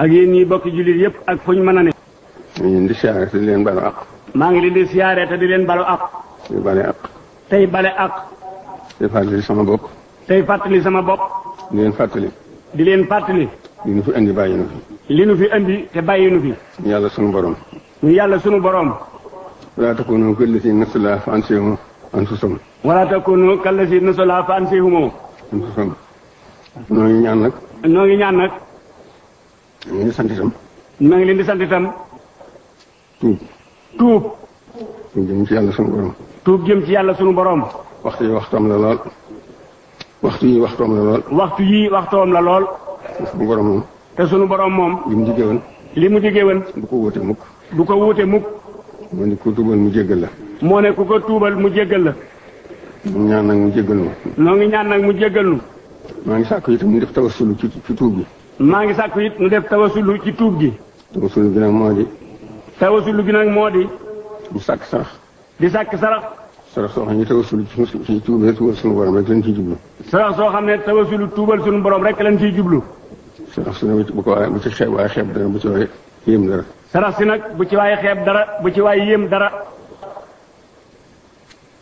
ak yéen ñi bokki jullit yëpp ak fu ñu mën a ne. di siyaare te di leen balu àq. maa ngi leen di siyaare te di leen balu àq. di bale àq. tey bale àq. tey fàttali sama bopp. tey fàttali sama bopp. di leen fàttali. di leen fàttali. li nu fi indi bàyyi nu fi. li nu fi indi te bàyyi nu fi. yàlla sunu borom. ñu yàlla sunu borom. wala takunu kallati nasulaa fa ansihum anfusahum. wala fa ansihum noo ngi ñaan nag. noo ngi ñaan nag. maa ngi leen di sant itam. maa ngi leen di sant itam. tuub. tuub. tuub jëm ci yàlla sunu borom. tuub jëm ci yàlla sunu borom. waxtu yi waxtoom la lool. waxtu yi waxtoom la lool. waxtu yi waxtoom la lool. borom moom. te sunu borom moom. li mu diggee li mu diggee woon. ko wóote mukk. bu ko wóote muk moo ni ku ko tuubal mu jéggal la. moo ne ku ko tuubal mu jéggal la. mu ñaan nag mu jéggal nu. noo ngi ñaan nag mu jéggal nu. maa ngi sàkk mu ñu def tawassul ci ci tuub bi. maa ngi sàkku it nu def tawasulu ci tuub gi. tawasulu gi nag moo di. tawasulu gi nag moo di. di sàkk sarax. di sàkk sarax. sarax soo xam ne tawasulu ci tuubal suñu borom rek lañ ciy jublu. sarax soo xam ne tawasulu tuubal suñu borom rek lañ ciy jublu. sarax si nag bu ko waaye bu ci xeeb waaye xeeb dara bu ci waaye yéem dara. sarax si nag bu ci waaye xeeb dara bu ci waay yéem dara.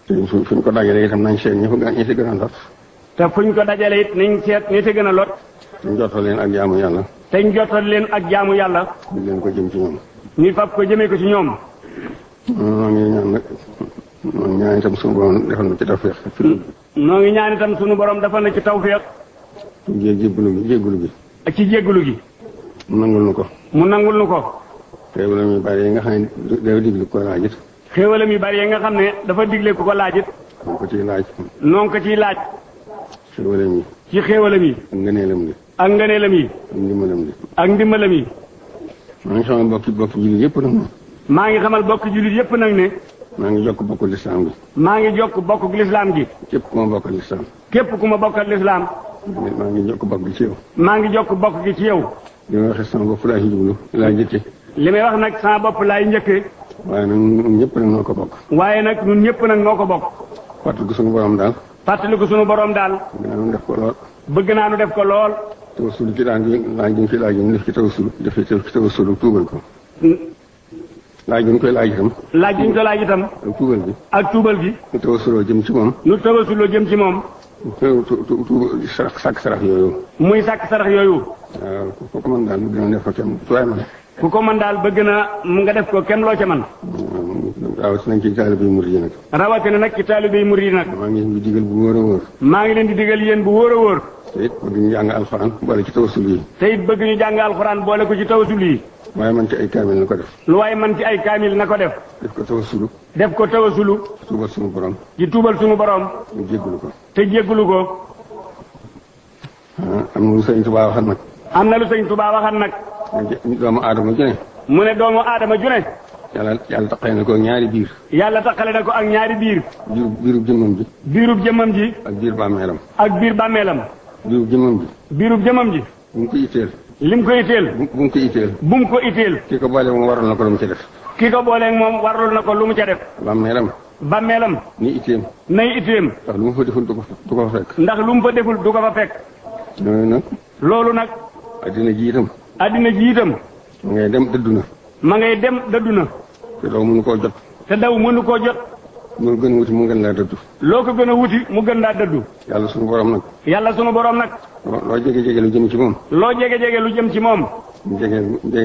te fu ñu ko dajalee itam nañ seet ñi ko gën a lot. te fu ñu ko dajalee it nañ seet ñi gën a lot. te ñu leen ak jaamu yàlla. te ñu leen ak jaamu yàlla. ñu leen ko jëm ci ñoom. ñu fab ko jëmee ko ci ñoom. noo ngi ñaan nag ngi ñaan itam sunu borom defal na ci tawféex. noo ngi ñaan itam sunu borom dafa na ci tawféex. ci jéggulu gi jéggulu gi. ak ci jéggulu gi. mu nangul ko. mu nangul nu ko. xéewalam yu bari yi nga xam ne dafa digle ko laajit. xéewalam yu bari yi nga xam ne dafa digle ko ko laajit. noo ko ciy laaj. noo ko ciy laaj. xéewalam yi. ci xéewalam yi. ak ngëneelam gi. ak ngëneelam yi. ak ndimbalam yi. ak ndimbalam yi. maa ngi xamal bokk bokk jullit yëpp nag. maa ngi xamal bokk jullit yëpp nag ne. maa ngi jokk bokk lislaam gi. maa ngi jokk bokk lislaam gi. képp ku ma bokkal lislaam. képp ku ma bokk lislaam. maa ngi jokk bokk gi ci yow. maa ngi jokk bokk gi ci yow. li may waxee sama bopp laay jublu laay wax nag sama bopp laay njëkkee. waaye nag ñun ñëpp nag noo ko bokk. waaye nag ñun ñëpp nag noo ko bokk. fàttaliku sunu borom daal. fàttaliku sunu borom daal. bëgg naa def ko bëgg naa nu def ko lool. tawasul ci daan gi laaj gi ñu koy laaj ñu def ci tawasul def ci tawasul ak tuubal hmm. laaj gi ñu koy laaj itam. gi ñu koy laaj itam. ak tuubal gi. ak tuubal gi. nu tawasuloo jëm ci moom. nu tawasuloo jëm ci moom. sàkk sarax yooyu. muy sàkk sarax yooyu. waaw ku ko mën daal bëgg na def ko kenn ku waaye daal bëgg na mu nga def ko kenn loo ca man rawatina ci taalibe yu murid yi nag. rawatina nag ci taalibe yu yi nag. maa ngi leen di digal bu wóor a wóor. maa ngi leen di digal yéen bu wóor a wóor. te it bëgg ñu jàng alxuraan boole ci tawasul yi. te bëgg ñu jàng alxuraan boole ko ci tawasul yi. lu waaye man ci ay kaamil na ko def. lu waaye man ci ay kaamil na ko def. def ko tawasulu. def ko tawasulu. tuubal suñu borom. di tuubal suñu borom. ñu jégalu ko. te jégalu ko. Ah, am na lu sëñ Tuubaa waxat am na lu sëñ Tuubaa waxat nag. doomu aadama ju yàlla yàlla taqale na ko ak ñaari biir. yàlla taqale na ko ak ñaari biir. biir biirub jëmmam ji. biirub jëmmam ji. ak biir bàmmeelam. ak biir bàmmeelam. biirub jëmmam ji. biirub jëmmam ji. bu mu ko itteel. li ko itteel. bu mu ko itteel. bu mu ko itteel. ki ko boole moom waroon na ko lu mu ca def. moom waroon na ko lu mu ca def. bàmmeelam. bàmmeelam. ni itteem. nay itteem. ndax lu mu fa deful du du ko fa fekk. ndax lu mu fa deful du ko fa fekk. loolu nag. loolu nag. addina ji itam. addina ji itam. dem dëddu ma ngay dem dëddu na. te daw mënu jot. te daw mënu koo jot. loo gën a wuti mu gën laa dëddu. loo ko gën a mu gën laa dëddu. yàlla sunu borom nag. yàlla sunu borom nag. loo jege jege lu jëm ci moom. loo jege jege lu jëm ci moom. mu jege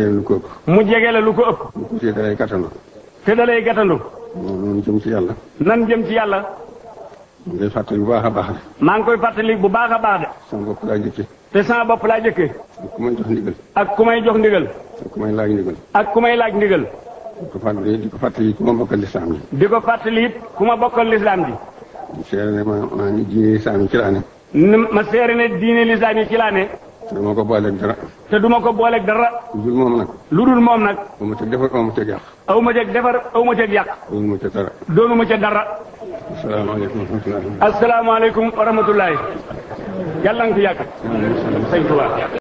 lu ko ëpp. mu jege la lu ko ëpp. te dalay gàttandu. te dalay jëm ci yàlla. nan jëm ci yàlla. maa fàttali bu baax a baax. maa ngi koy fàttali bu baax a baax de. sama bopp laa jëkke. te sama bopp laa jëkke. ak ku may jox ndigal. ak ku may jox ndigal. ak ku may laaj ndigal. ak ku may laaj ndigal. di ko fàttali di ko fàttali ku ma bokkal lislaam ji. di ko fàttali it ku ma bokkal lislaam ji. ma seere ne ma ma diine lislaam yi ci laa ma seere ne diine lislaam yi ci laa ne. te ko booleeg dara. te du ko booleek dara. lu dul moom nag. lu dul moom nag. aw ma ca defar aw ma ca yàq. aw ma ca defar aw ma ca yàq. doonu mu ca dara. doonu ma ca dara. asalaamaaleykum wa rahmatulah. asalaamaaleykum wa rahmatulah. yàlla nga fi yàgg.